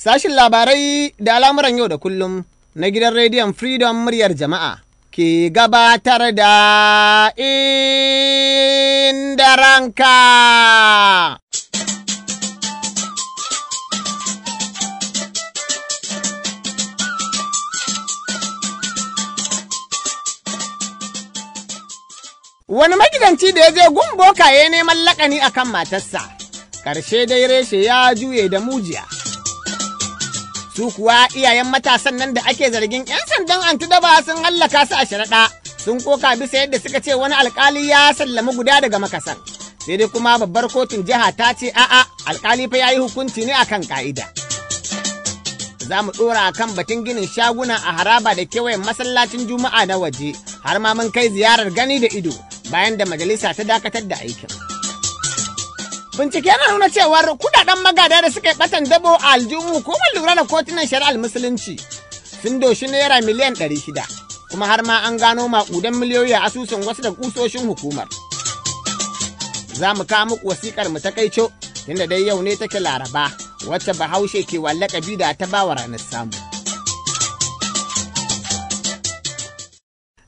Sashin labarai da al'amuran yau da kullum na gidan rediyon Freedom muryar jama'a ke gabatar da inda ranka. Wani magidanci da ya je gumboka ya neman lakani kan matarsa, ƙarshe dai reshe ya juye da mujiya. Su kuwa iyayen matasan nan da ake zargin 'yan sandan antidaba sun hallaka su a sharaɗa sun koka bisa yadda suka ce wani alkali ya sallami guda daga makasan. Sai dai kuma babbar kotun jiha ta ce a'a alkali fa ya yi hukunci ne akan ka'ida. Za mu ɗora a kan batun ginin shaguna a haraba da kewayen masallacin juma'a na waje har ma mun kai ziyarar gani da ido bayan da majalisa ta dakatar da aikin. Bincike yana nuna cewar kudaden magada da suka yi batan dabo a aljihun hukumar lura da kotunan shari'ar musulunci sun doshi naira miliyan ɗari shida, kuma har ma an gano maƙudan miliyoyi a asusun wasu da kusoshin hukumar. Za mu kawo muku wasikar mu ta kaico tunda dai yau ne take laraba wacce bahaushe ke wallakabi da ta bawa ranar samu.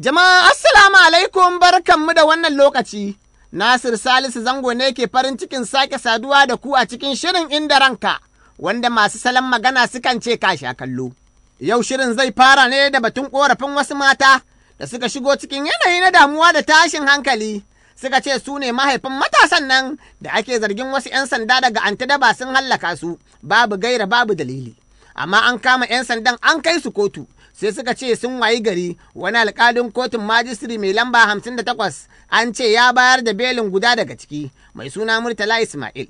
Jama'a assalamu alaikum barkanmu da wannan lokaci. Nasir Salisu Zango ne ke farin cikin sake saduwa da ku a cikin shirin inda ranka, wanda masu salon magana sukan ce ka sha kallo. Yau shirin zai fara ne da batun korafin wasu mata da suka shigo cikin yanayi na damuwa da tashin hankali. Suka ce su ne mahaifin matasan nan da ake zargin wasu 'yan sanda daga daba sun hallaka su, babu gaira babu dalili. Amma an kama 'yan sandan an kai su kotu, sai suka ce sun wayi gari wani alkalin kotun majistri mai lamba 58 an ce ya bayar da belin guda daga ciki mai suna murtala ismail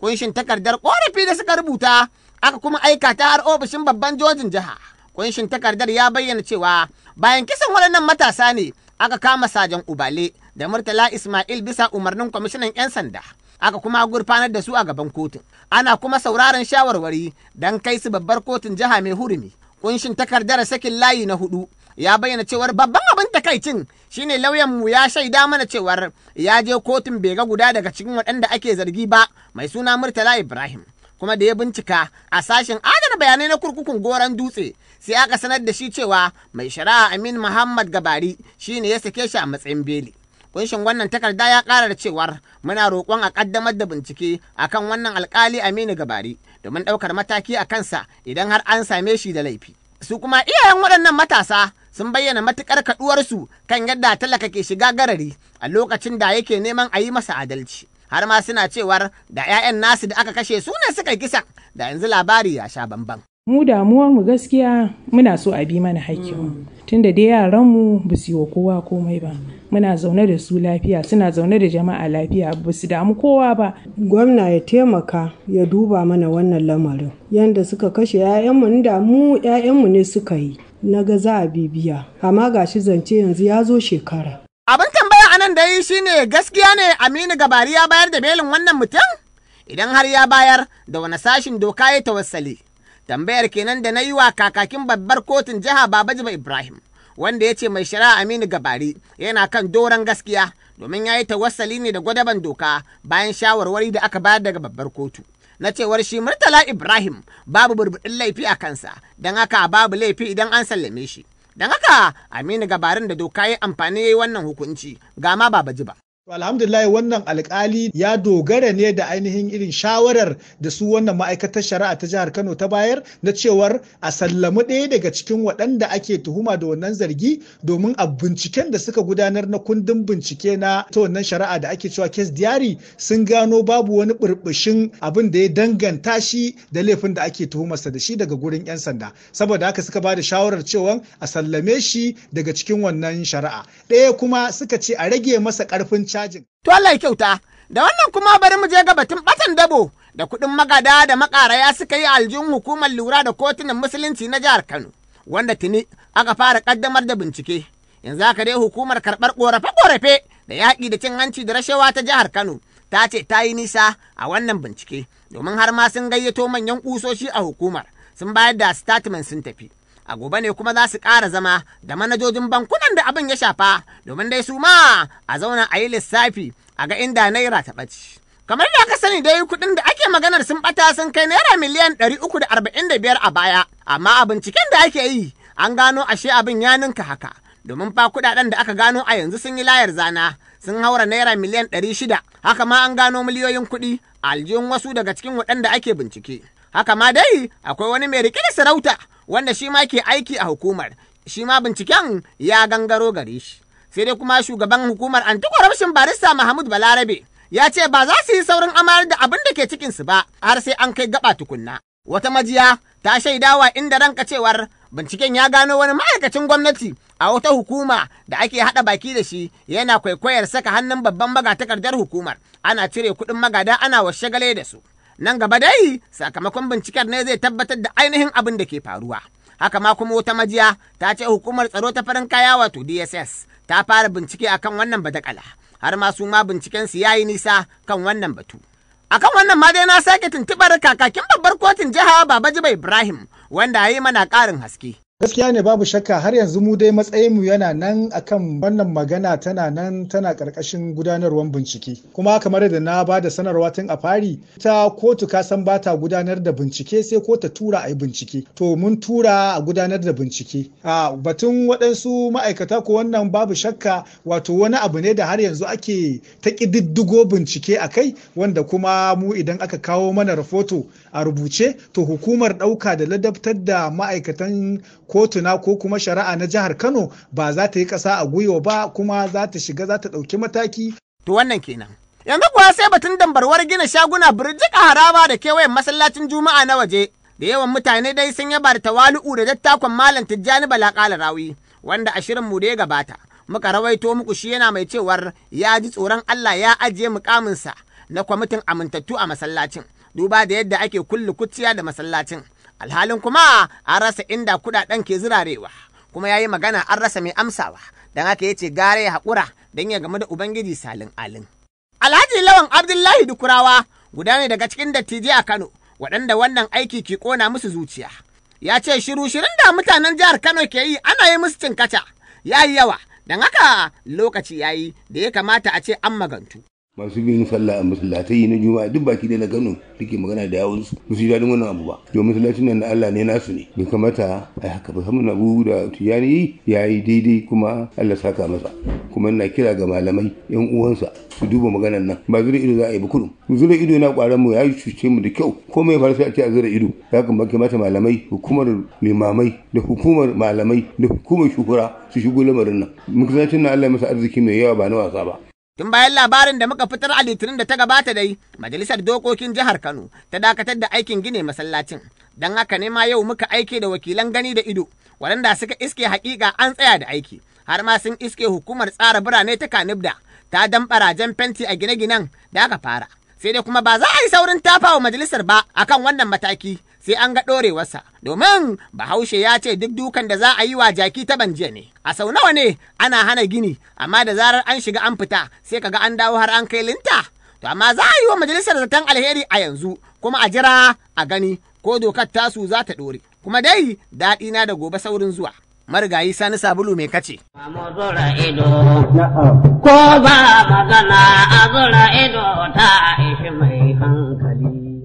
kunshin takardar korafi da suka rubuta aka kuma aika ta har ofishin babban jojin jiha kunshin takardar ya bayyana cewa bayan kisan waɗannan matasa ne aka kama sajan ubale da murtala ismail bisa umarnin kwamishinan 'yan sanda aka kuma gurfanar da su a gaban kotun ana kuma sauraron shawarwari don kai su babbar kotun jiha mai hurumi kunshin takardar sakin layi na hudu ya bayyana cewar babban abin takaicin shine lauyanmu ya shaida mana cewar ya je kotun bai ga guda daga cikin waɗanda ake zargi ba mai suna murtala ibrahim kuma da ya bincika a sashen adana bayanai na kurkukun goron dutse sai aka sanar da shi cewa mai shari'a amin muhammad gabari shine ya sake shi a matsayin beli kunshin wannan takarda ya kara da cewar muna roƙon a ƙaddamar da bincike akan wannan alkali aminu gabari domin ɗaukar mataki a kansa idan har an same shi da laifi. Su kuma iyayen waɗannan matasa sun bayyana matuƙar kaɗuwarsu kan yadda talaka ke shiga garari a lokacin da yake neman a yi masa adalci. Har ma suna cewar da 'ya'yan nasu da aka kashe su ne suka kisa da yanzu labari ya sha bamban. Mu damuwar mu gaskiya muna so a bi mana hakkinmu tunda dai yaranmu ba su yi wa kowa komai ba. muna zaune da su lafiya suna zaune da jama'a lafiya ba su damu kowa ba gwamna ya taimaka ya duba mana wannan lamarin yadda suka kashe 'ya'yanmu da mu 'ya'yanmu ne suka yi na ga za a bibiya amma shi zance yanzu ya zo shekara abin tambaya anan da yi shine gaskiya ne aminu gabari ya bayar da belin wannan mutum idan har ya bayar da wani sashin doka ya tawassale, tambayar kenan da na yi wa kakakin babbar kotun jiha babajiba ibrahim wanda ya ce mai shari'a Aminu Gabari yana kan doron gaskiya domin ya yi tawassali ne da gwadaban doka bayan shawarwari da aka bayar daga babbar kotu. Na cewar shi Murtala Ibrahim babu burbuɗin laifi a kansa, don haka babu laifi idan an sallame shi. Don haka Aminu Gabarin da doka ya amfani ya yi wannan hukunci, gama ma ba ba. alhamdulillah wannan alkali ya dogara ne da ainihin irin shawarar da su wannan ma'aikatar shari'a ta jihar kano ta bayar na cewar a sallami ɗaya daga cikin waɗanda ake tuhuma da wannan zargi domin a binciken da suka gudanar na kundin bincike na ta wannan shari'a da ake cewa kes diary sun gano babu wani burbushin abin da ya danganta shi da laifin da ake tuhumarsa da shi daga gurin 'yan sanda saboda haka suka ba da shawarar cewa a sallame shi daga cikin wannan shari'a ɗaya kuma suka ce a rage masa ƙarfin cajin. To Allah kyauta, da wannan kuma bari mu je ga batun batan dabo da kuɗin magada da makaraya suka yi aljihun hukumar lura da kotunan musulunci na jihar Kano, wanda tuni aka fara kaddamar da bincike. Yanzu haka dai hukumar karɓar ƙorafe-ƙorafe da yaƙi da cin hanci da rashewa ta jihar Kano ta ce ta yi nisa a wannan bincike domin har ma sun gayyato manyan ƙusoshi a hukumar sun bayar da statement sun tafi. a gobe ne kuma za su ƙara zama da manajojin bankunan da abin ya shafa domin dai su ma a zauna a yi lissafi a ga inda naira ta ɓaci. Kamar da aka sani dai kuɗin da ake maganar sun ɓata sun kai naira miliyan ɗari uku da arba'in da biyar a baya, amma a binciken da ake yi an gano ashe abin ya ninka haka. Domin fa kuɗaɗen da aka gano a yanzu sun yi layar zana sun haura naira miliyan ɗari shida, haka ma an gano miliyoyin kuɗi a aljihun wasu daga cikin waɗanda ake bincike. Haka ma dai akwai wani mai riƙe da sarauta wanda shi ma ke aiki a hukumar shi ma binciken ya gangaro gare shi sai dai kuma shugaban hukumar anti-corruption barista mahmud balarabe ya ce ba za su yi saurin amayar da abin da ke cikinsu ba har sai an kai gaba tukunna wata majiya ta shaidawa inda ranka cewar binciken ya gano wani ma'aikacin gwamnati a wata hukuma da ake hada baki da shi yana kwaikwayar saka hannun babban magatakardar hukumar ana cire kuɗin magada ana washagale da su Nan gaba dai sakamakon binciken ne zai tabbatar da ainihin abin da ke faruwa. Haka ma kuma wata majiya ta ce hukumar tsaro ta farin kaya wato DSS ta fara bincike akan wannan badakala har ma su ma binciken su yayi nisa kan wannan batu. akan wannan ma dai na sake tuntubar kakakin babbar kotun jiha Babajiba Ibrahim wanda ya mana ƙarin haske. gaskiya ne babu shakka har yanzu mu dai matsayinmu yana nan akan wannan magana tana nan tana karkashin gudanarwar bincike kuma kamar da na ba da sanarwa tun a fari ta kotu ka san ba ta gudanar da bincike sai ko ta tura a yi bincike to mun tura a gudanar da bincike a batun waɗansu ma'aikata ko wannan babu shakka wato wani abu ne da har yanzu ake ta ƙididdigo bincike a kai wanda kuma mu idan aka kawo mana rahoto a rubuce to hukumar ɗauka da ladabtar da ma'aikatan kotuna ko kuma shari'a na jihar kano ba za ta yi ƙasa a gwiwa ba kuma za ta shiga za ta ɗauki mataki to wannan kenan yanzu kuwa sai batun dambarwar gina shaguna birjika a haraba da kewayen masallacin juma'a na waje da yawan mutane dai sun yaba da tawalu'u da dattakon malam tijjani balakala rawi wanda a shirin mu da ya gabata muka rawaito muku shi yana mai cewar ya ji tsoron Allah ya ajiye mukaminsa na kwamitin amintattu a masallacin duba da yadda ake kulle kuciya da masallacin alhalin kuma an rasa inda kuɗaɗen ke zirarewa kuma ya yi magana an rasa mai amsawa don haka ya ce gare ya haƙura don ya game da ubangiji salin alin alhaji lawan abdullahi dukurawa guda ne daga cikin dattijai a kano waɗanda wannan aiki ke ƙona musu zuciya ya ce shiru shirin da mutanen jihar kano ke yi ana yi musu cinkaca ya yi yawa don haka lokaci ya yi da ya kamata a ce an magantu masu bin sallah a masallatai na juma'a duk baki da na kano da ke magana da yawon su su daɗin wannan abu ba domin masallacin nan na Allah ne nasu ne bai kamata a haka ba samun abu da tuyani yi ya yi daidai kuma Allah saka masa kuma ina kira ga malamai yan uwansa su duba maganar nan ba zira ido za a yi ba zira ido yana kwaran mu ya yi cuce mu da kyau ko mai fara sai a ce a ido ya kuma kamata malamai hukumar limamai da hukumar malamai da hukumar shukura su shigo lamarin nan masallacin nan Allah masa arziki mai yawa ba na wasa ba Tun bayan labarin da muka fitar a Litinin da ta gabata dai, Majalisar Dokokin Jihar Kano ta dakatar da aikin gine masallacin. Don haka ne ma yau muka aike da wakilan gani da ido, waɗanda suka iske haƙiƙa an tsaya da aiki, har ma sun iske hukumar tsara birane ta Kanibda ta dan barajen fenti a gine-ginen da aka fara. Sai dai kuma ba za a yi saurin tafawa majalisar ba akan wannan mataki, sai an ga ɗorewarsa. Domin Bahaushe ya ce duk dukan da za a yi wa jaki ta jiya ne. A sau nawa ne ana hana gini, amma da zarar an shiga an fita sai kaga an dawo har an kai linta. To amma za a yi wa majalisar zaton alheri a yanzu kuma a jira a gani ko dokar tasu za ta ɗore. Kuma dai daɗi na da gobe saurin zuwa. marigayi sani sabulu mai kace. Ko ba magana a zura ido ta ishi mai hankali.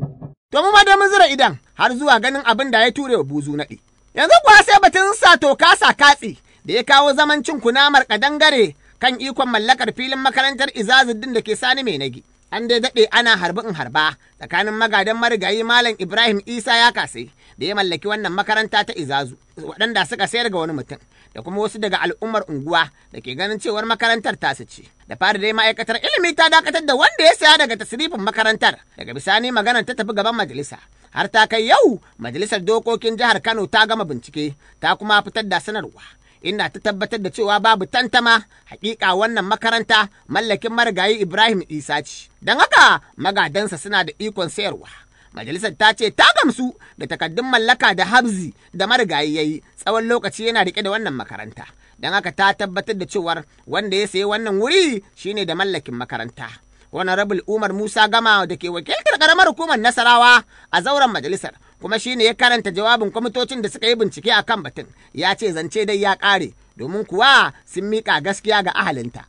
To mu ma dai mun zura idan har zuwa ganin abin da ya ture wa buzu naɗi. Yanzu kuwa sai batun sa toka sa katsi da ya kawo zaman cin kunamar kadangare kan ikon mallakar filin makarantar Izazuddin da ke sani mai nagi. an dai daɗe ana harbi in harba tsakanin magadan marigayi malam ibrahim isa ya kasai da ya mallaki wannan makaranta ta izazu waɗanda suka sayar ga wani mutum da kuma wasu daga al'ummar unguwa da ke ganin cewar makarantar tasu ce da fara dai ma'aikatar ilimi ta dakatar da wanda ya saya daga tasirifin makarantar daga bisani maganar ta tafi gaban majalisa har ta kai yau majalisar dokokin jihar kano ta gama bincike ta kuma fitar da sanarwa ina ta tabbatar da cewa babu tantama hakika wannan makaranta mallakin marigayi Ibrahim Isa ce. Don haka magadansa suna da ikon sayarwa. Majalisar ta ce ta gamsu da takaddun mallaka da Habzi da marigayi ya yi. tsawon lokaci yana rike da wannan makaranta. Don haka ta tabbatar da cewa wanda ya sayi wannan wuri shine da mallakin makaranta. Wani rabul Umar Musa Gama da ke wakiltar ƙaramar hukumar Nasarawa a zauren majalisar kuma shine ya karanta jawabin kwamitocin da suka yi bincike a kan batun ya ce zance dai ya ƙare domin kuwa sun miƙa gaskiya ga ahalinta.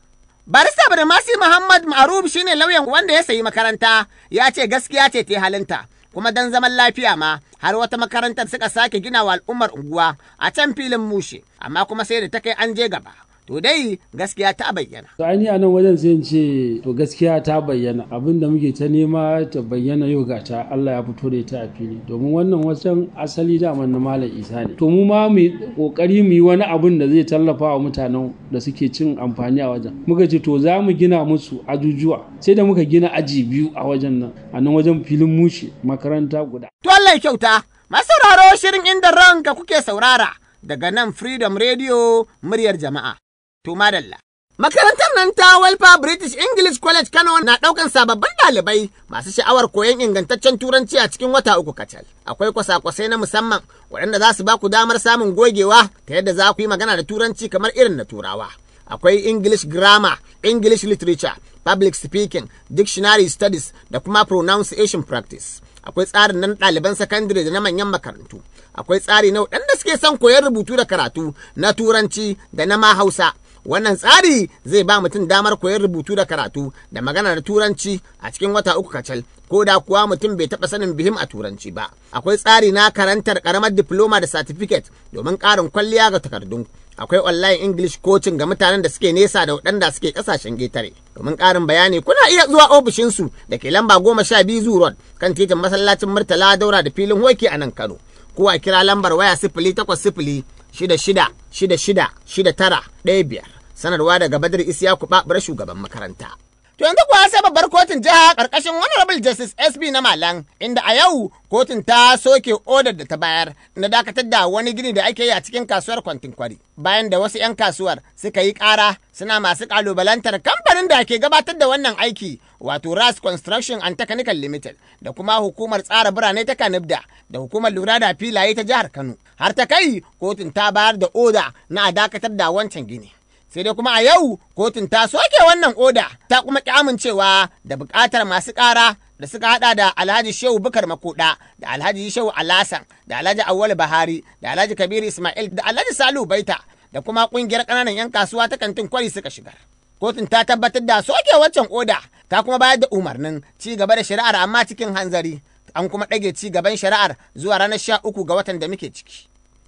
Barista masi Muhammad Ma'arub shine lauyan wanda ya sayi makaranta ya ce gaskiya ce ta halinta kuma dan zaman lafiya ma har wata makarantar suka sake gina wa al'ummar unguwa a can filin mushe amma kuma sai da ta kai an je gaba. to dai gaskiya ta bayyana. to ainihi a nan wajen in ce to gaskiya ta bayyana abin da muke ta nema ta bayyana yau ga ta Allah ya fito da ita a fili domin wannan wajen asali daman na malam isa ne to mu ma mu kokari mu yi wani abin da zai tallafa wa mutanen da suke cin amfani a wajen muka ce to za mu gina musu ajujuwa sai da muka gina aji biyu a wajen nan a nan wajen filin mushe makaranta guda. to Allah kyauta masauraro shirin inda ranka kuke saurara daga nan freedom radio muryar jama'a. To madalla. Makarantar nan ta Walfa British English College Kano na ɗaukan sababbin ɗalibai masu sha'awar koyon ingantaccen turanci a cikin wata uku kacal. Akwai kwasa-kwasai na musamman waɗanda za su ba ku damar samun gogewa ta yadda za ku yi magana da turanci kamar irin na turawa. Akwai English Grammar, English Literature, Public Speaking, Dictionary Studies da kuma Pronunciation Practice. akwai tsarin nan ɗaliban sakandare da na manyan makarantu akwai tsari na waɗanda suke son koyon rubutu da karatu na turanci da na ma hausa wannan tsari zai ba mutum damar koyar rubutu da karatu da magana da turanci a cikin wata uku kacal ko da kuwa mutum bai taɓa sanin bihim a turanci ba akwai tsari na karantar karamar diploma da certificate domin ƙarin kwalliya ga takardun akwai online english coaching ga mutanen da suke nesa da waɗanda suke ƙasashen getare domin ƙarin bayani kuna iya zuwa ofishinsu da ke lamba goma sha biyu zuwa kan titin masallacin murtala daura da filin hoki a nan kano ko a kira lambar waya sifili takwas sifili shida shida shida shida shida tara ɗaya biyar sanarwa daga Badar Isiyaku Babar shugaban makaranta. To yanzu kuwa sai babbar kotun jiha ƙarƙashin Honorable Justice SB na Malan inda a yau kotun ta soke odar da ta bayar na dakatar da wani gini da ake yi a cikin kasuwar Kwantin Kwari bayan da wasu 'yan kasuwar suka yi ƙara suna masu ƙalubalantar kamfanin da ke gabatar da wannan aiki wato RAS Construction and Technical Limited da kuma hukumar tsara birane ta Kanibda da hukumar lura da filaye ta jihar Kano har ta kai kotun ta bayar da oda na a dakatar da wancan gini. sai dai kuma a yau kotun ta soke wannan oda ta kuma ki amincewa da bukatar masu kara da suka hada da alhaji shehu bukar makuda da alhaji shehu alasan da alhaji awwal bahari da alhaji kabiru ismail da alhaji salu baita da kuma kungiyar ƙananan 'yan kasuwa ta kantin kwari suka shigar kotun ta tabbatar da soke waccan oda ta kuma bayar da umarnin ci gaba da shari'ar amma cikin hanzari an kuma ɗage ci gaban shari'ar zuwa ranar sha uku ga watan da muke ciki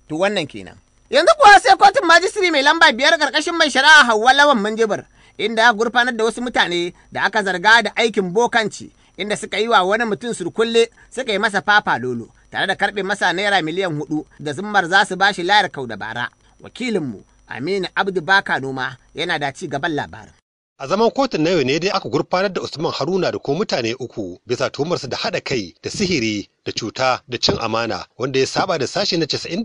to wannan kenan Yanzu kuwa sai kotun majistiri mai lamba biyar karkashin mai shari'a Hauwa Lawan Manjibir, inda ya gurfanar da wasu mutane da aka zarga da aikin bokanci, inda suka yi wa wani mutum surkulle suka yi masa fafa lolo, tare da karɓe masa naira miliyan hudu da zummar za su bashi layar kau da bara. Wakilinmu Aminu Abdu Baka Noma yana da ci gaban labarin. A zaman kotun na yau ne dai aka gurfanar da Usman Haruna da ko mutane uku bisa tuhumarsa da haɗa kai da sihiri da cuta da cin amana wanda ya saba da sashe na 97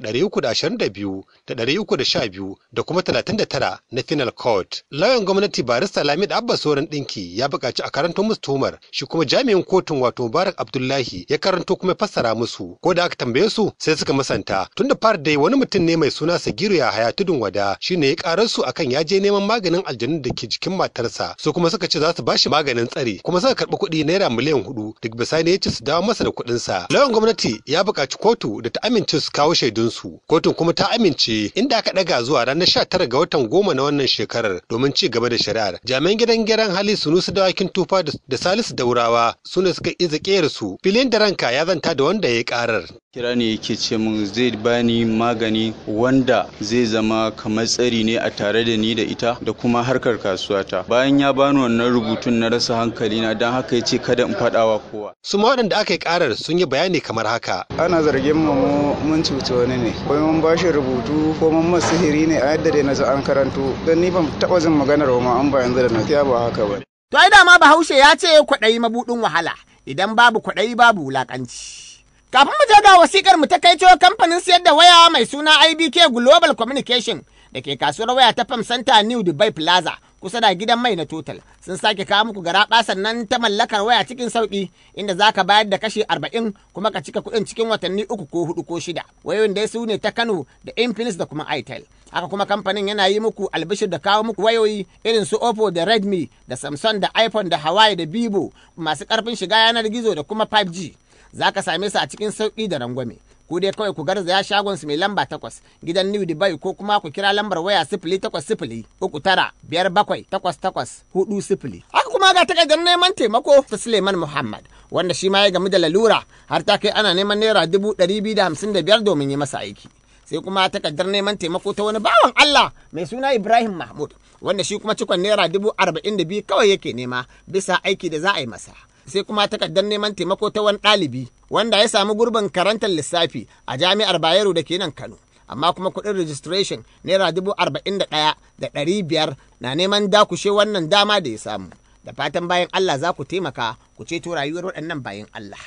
da 322 da 312 da kuma 39 na final court lauyan gwamnati barista lamid abba soran dinki ya buƙaci a karanto musu tumar, shi kuma jami'in kotun wato mubarak abdullahi ya karanto kuma fassara musu ko da aka tambaye su sai suka musanta tun da fara dai wani mutum ne mai suna sagiru ya haya tudun wada shi ne ya karar su akan ya je neman maganin aljanun da ke jikin matarsa su kuma suka ce za su ba shi maganin tsari kuma suka karɓi kuɗi naira miliyan hudu daga bisani ya ce su dawo masa da kuɗinsa. Lauyan gwamnati ya buƙaci kotu da ta amince su kawo shaidunsu. Kotun kuma ta amince inda aka ɗaga zuwa ranar sha tara ga watan goma na wannan shekarar domin ci gaba da shari'ar. Jami'an gidan gyaran hali Sunusu Dawakin Tufa da Salisu Daurawa su ne suka iza kiyar su. Filin da ranka ya zanta da wanda ya yi ƙarar. kira ne yake ce min zai bani magani wanda zai zama kamar tsari ne a tare da ni da ita da kuma harkar kasuwata bayan ya bani wannan rubutun na rasa hankali na don haka ya ce kada in faɗawa kowa su ma waɗanda aka yi karar sun yi bayani kamar haka ana zargin mu mun cuce wani ne ko mun bashi rubutu ko mun masa sihiri ne a yadda dai na an karanto don ni ban taɓa jin maganar ma an ba yanzu da na ba haka ba to ai dama bahaushe ya ce kwaɗayi mabuɗin wahala idan babu kwaɗayi babu wulaƙanci Kafin mu je ga wasikar mu ta kaito kamfanin sayar da waya mai suna IBK Global Communication da ke kasuwar waya ta Farm Center New Dubai Plaza kusa da gidan mai na Total. Sun sake kawo muku garaɓa sannan ta mallakar waya cikin sauki inda za ka bayar da kashi arba'in kuma ka cika kuɗin cikin watanni uku ko hudu ko shida. Wayoyin dai su ne ta Kano da Infinix da kuma Itel. Haka kuma kamfanin yana yi muku albishir da kawo muku wayoyi irin su Oppo da Redmi da Samsung da iPhone da Hawaii da bibo masu karfin shiga yanar gizo da kuma 5G. za ka same su a cikin sauki da rangwame. Ku dai kawai ku garzaya shagon su mai lamba takwas gidan New Dubai ko kuma ku kira lambar waya sifili takwas sifili uku tara biyar bakwai takwas takwas hudu sifili. Haka kuma ga takardar neman taimako ta Suleiman Muhammad wanda shi ma ya gamu da lalura har ta kai ana neman naira dubu ɗari biyu da hamsin da biyar domin yi masa aiki. sai kuma takardar neman taimako ta wani bawan Allah mai suna Ibrahim Mahmud wanda shi kuma cikon naira dubu arba'in da biyu kawai yake nema bisa aiki da za a yi masa. sai kuma takardar neman taimako ta wani ɗalibi wanda ya samu gurbin karantar lissafi a jami'ar bayero da ke nan kano amma kuma kuɗin registration naira dubu arba'in da ɗaya da ɗari biyar na neman dakushe wannan dama da ya samu da fatan bayan allah za ku taimaka ku ceto rayuwar waɗannan bayan allah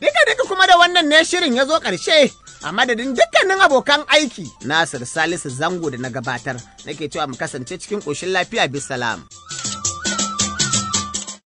duka duka kuma da wannan ne shirin ya zo ƙarshe a madadin dukkanin abokan aiki Nasir Salisu Zango da na gabatar nake cewa mu kasance cikin ƙoshin lafiya bisalam. salam.